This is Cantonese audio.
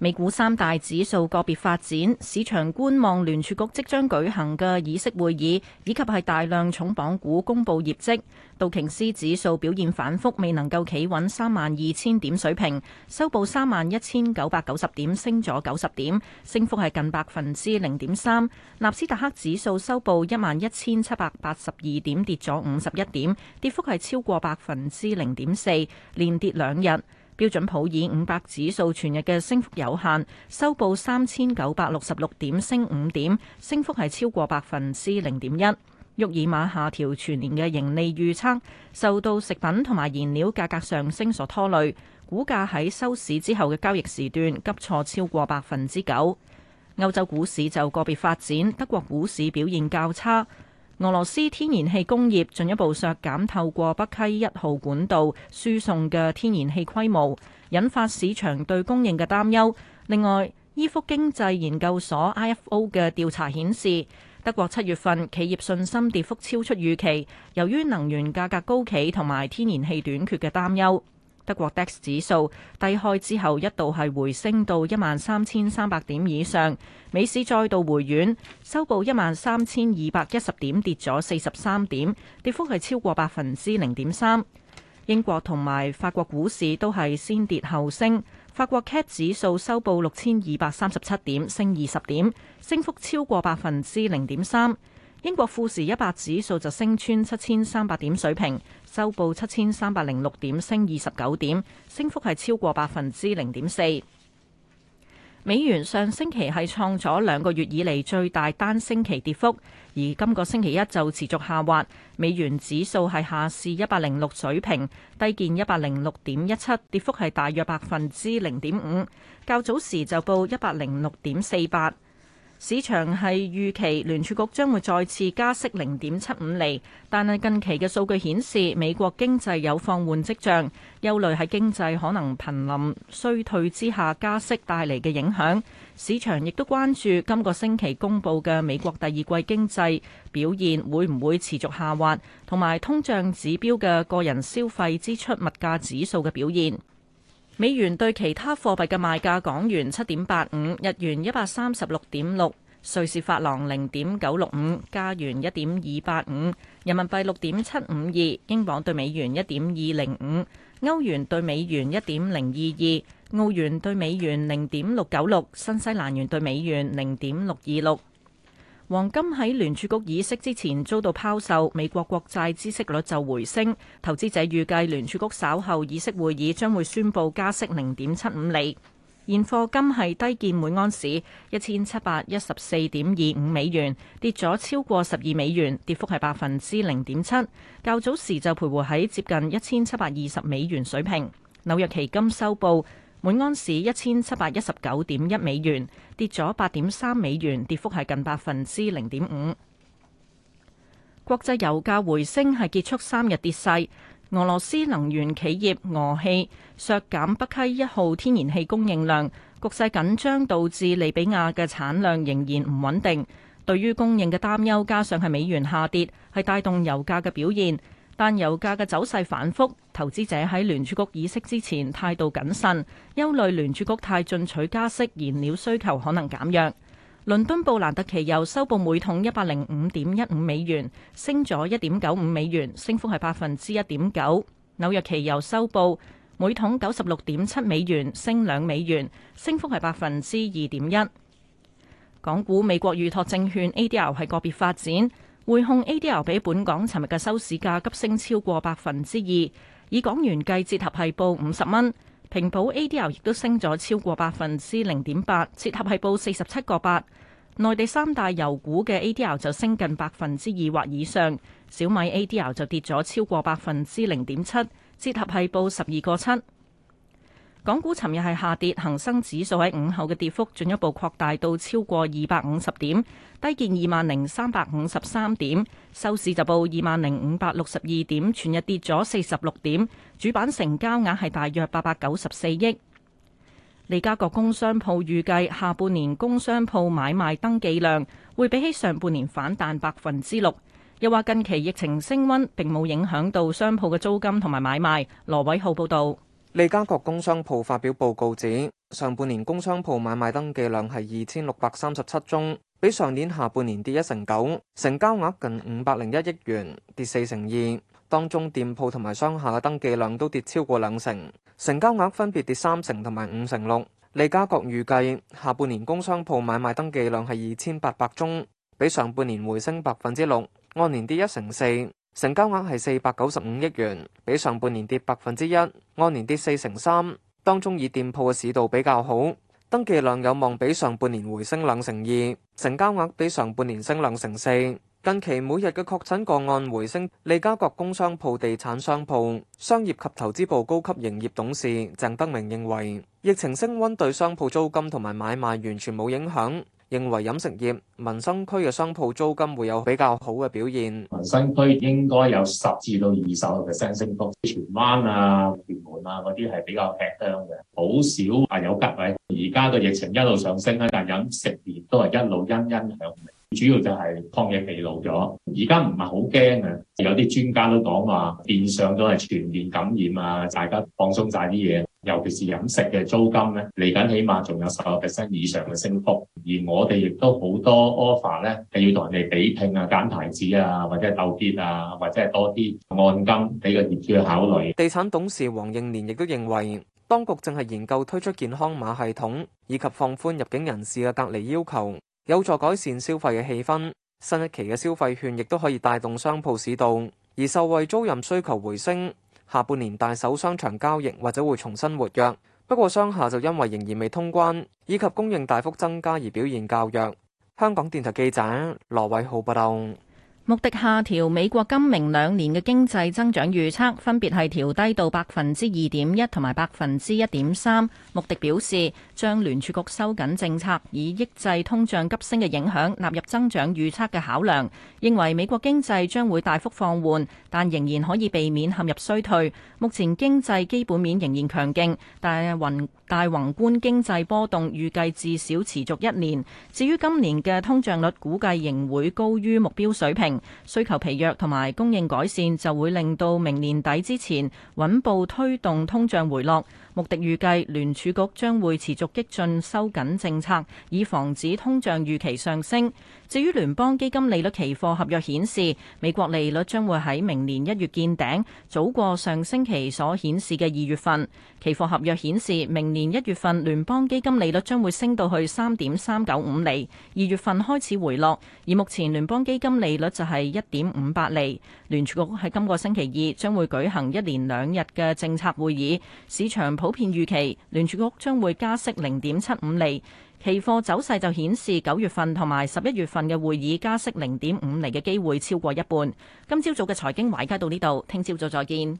美股三大指數個別發展，市場觀望聯儲局即將舉行嘅議息會議，以及係大量重磅股公布業績。道瓊斯指數表現反復，未能夠企穩三萬二千點水平，收報三萬一千九百九十點，升咗九十點，升幅係近百分之零點三。納斯達克指數收報一萬一千七百八十二點，跌咗五十一點，跌幅係超過百分之零點四，連跌兩日。標準普爾五百指數全日嘅升幅有限，收報三千九百六十六點，升五點，升幅係超過百分之零點一。沃爾瑪下調全年嘅盈利預測，受到食品同埋燃料價格上升所拖累，股價喺收市之後嘅交易時段急挫超過百分之九。歐洲股市就個別發展，德國股市表現較差。俄羅斯天然氣工業進一步削減透過北溪一號管道輸送嘅天然氣規模，引發市場對供應嘅擔憂。另外，伊福經濟研究所 IFO 嘅調查顯示，德國七月份企業信心跌幅超出預期，由於能源價格高企同埋天然氣短缺嘅擔憂。德國 DAX 指數低開之後一度係回升到一萬三千三百點以上，美市再度回軟，收報一萬三千二百一十點，跌咗四十三點，跌幅係超過百分之零點三。英國同埋法國股市都係先跌後升，法國 CAC 指數收報六千二百三十七點，升二十點，升幅超過百分之零點三。英國富時一百指數就升穿七千三百點水平，收報七千三百零六點，升二十九點，升幅係超過百分之零點四。美元上星期係創咗兩個月以嚟最大單星期跌幅，而今個星期一就持續下滑，美元指數係下試一百零六水平，低見一百零六點一七，跌幅係大約百分之零點五。較早時就報一百零六點四八。市場係預期聯儲局將會再次加息零點七五厘。但係近期嘅數據顯示美國經濟有放緩跡象，憂慮喺經濟可能瀕臨衰退之下加息帶嚟嘅影響。市場亦都關注今個星期公布嘅美國第二季經濟表現會唔會持續下滑，同埋通脹指標嘅個人消費支出物價指數嘅表現。美元對其他貨幣嘅賣價：港元七點八五，日元一百三十六點六，瑞士法郎零點九六五，加元一點二八五，人民幣六點七五二，英鎊對美元一點二零五，歐元對美元一點零二二，澳元對美元零點六九六，新西蘭元對美元零點六二六。黃金喺聯儲局議息之前遭到拋售，美國國債孳息率就回升。投資者預計聯儲局稍後議息會議將會宣佈加息零點七五厘。現貨金係低見每安士一千七百一十四點二五美元，跌咗超過十二美元，跌幅係百分之零點七。較早時就徘徊喺接近一千七百二十美元水平。紐約期金收報。每安士一千七百一十九點一美元，跌咗八點三美元，跌幅係近百分之零點五。國際油價回升係結束三日跌勢。俄羅斯能源企業俄氣削減北溪一號天然氣供應量，局勢緊張導致利比亞嘅產量仍然唔穩定。對於供應嘅擔憂，加上係美元下跌，係帶動油價嘅表現。但油價嘅走勢反覆，投資者喺聯儲局議息之前態度謹慎，憂慮聯儲局太進取加息，燃料需求可能減弱。倫敦布蘭特期油收報每桶一百零五點一五美元，升咗一點九五美元，升幅係百分之一點九。紐約期油收報每桶九十六點七美元，升兩美元，升幅係百分之二點一。港股美國預託證券 ADR 係個別發展。匯控 ADR 比本港尋日嘅收市價急升超過百分之二，以港元計，折合係報五十蚊。平保 ADR 亦都升咗超過百分之零點八，折合係報四十七個八。內地三大油股嘅 ADR 就升近百分之二或以上，小米 ADR 就跌咗超過百分之零點七，折合係報十二個七。港股尋日係下跌，恒生指數喺午後嘅跌幅進一步擴大到超過二百五十點，低見二萬零三百五十三點，收市就報二萬零五百六十二點，全日跌咗四十六點，主板成交額係大約八百九十四億。利嘉閣工商鋪預計下半年工商鋪買賣登記量會比起上半年反彈百分之六，又話近期疫情升溫並冇影響到商鋪嘅租金同埋買賣。羅偉浩報導。利嘉閣工商鋪發表報告指，上半年工商鋪買賣登記量係二千六百三十七宗，比上年下半年跌一成九，成交額近五百零一億元，跌四成二。當中店鋪同埋商廈嘅登記量都跌超過兩成，成交額分別跌三成同埋五成六。利嘉閣預計下半年工商鋪買賣登記量係二千八百宗，比上半年回升百分之六，按年跌一成四。成交額係四百九十五億元，比上半年跌百分之一，按年跌四成三。當中以店鋪嘅市道比較好，登記量有望比上半年回升兩成二，成交額比上半年升兩成四。近期每日嘅確診個案回升，利嘉閣工商鋪、地產商鋪、商業及投資部高級營業董事鄭德明認為，疫情升溫對商鋪租金同埋買賣完全冇影響。認為飲食業民生區嘅商鋪租金會有比較好嘅表現，民生區應該有十至到二十 percent 升幅，荃灣啊、屯門啊嗰啲係比較吃香嘅，好少啊有吉位。而家嘅疫情一路上升啊，但係飲食業都係一路欣欣向榮，主要就係抗疫疲勞咗。而家唔係好驚啊，有啲專家都講話變相都係全面感染啊，大家放鬆晒啲嘢，尤其是飲食嘅租金咧，嚟緊起碼仲有十個 percent 以上嘅升幅。而我哋亦都好多 offer 咧，係要同人哋比拼啊、揀牌子啊，或者係鬥跌啊，或者係多啲按金俾個業主去考慮。地產董事黃應年亦都認為，當局正係研究推出健康碼系統以及放寬入境人士嘅隔離要求，有助改善消費嘅氣氛。新一期嘅消費券亦都可以帶動商鋪市道，而受惠租賃需求回升，下半年大手商場交易或者會重新活躍。不過，商廈就因為仍然未通關，以及供應大幅增加而表現較弱。香港電台記者羅偉浩報道。穆迪下調美國今明兩年嘅經濟增長預測，分別係調低到百分之二點一同埋百分之一點三。穆迪表示，將聯儲局收緊政策以抑制通脹急升嘅影響納入增長預測嘅考量，認為美國經濟將會大幅放緩，但仍然可以避免陷入衰退。目前經濟基本面仍然強勁，但係，大宏觀經濟波動預計至少持續一年。至於今年嘅通脹率，估計仍會高於目標水平。需求疲弱同埋供應改善就會令到明年底之前穩步推動通脹回落。穆迪預計聯儲局將會持續激進收緊政策，以防止通脹預期上升。至於聯邦基金利率期貨合約顯示，美國利率將會喺明年一月見頂，早過上星期所顯示嘅二月份。期貨合約顯示明年。1> 年一月份聯邦基金利率將會升到去三點三九五厘，二月份開始回落，而目前聯邦基金利率就係一點五八厘，聯儲局喺今個星期二將會舉行一連兩日嘅政策會議，市場普遍預期聯儲局將會加息零點七五厘，期貨走勢就顯示九月份同埋十一月份嘅會議加息零點五厘嘅機會超過一半。今朝早嘅財經華爾街到呢度，聽朝早再見。